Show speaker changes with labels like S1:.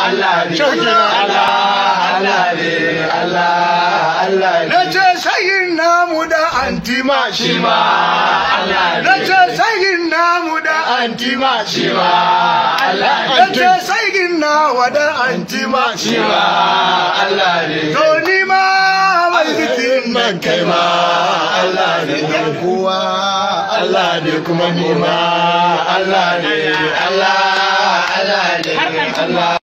S1: Allah ne Allah Allah ne Allah Allah ne nace
S2: sayin namu da antima shi ma Allah ne nace
S3: sayin namu da antima shi ma Allah ne nace sayin nawa da antima shi ma Allah ne to ni ma arzikin nan kai ma Allah ne kowa Allah ne
S1: kuma ni ma Allah ne Allah Allah ne Allah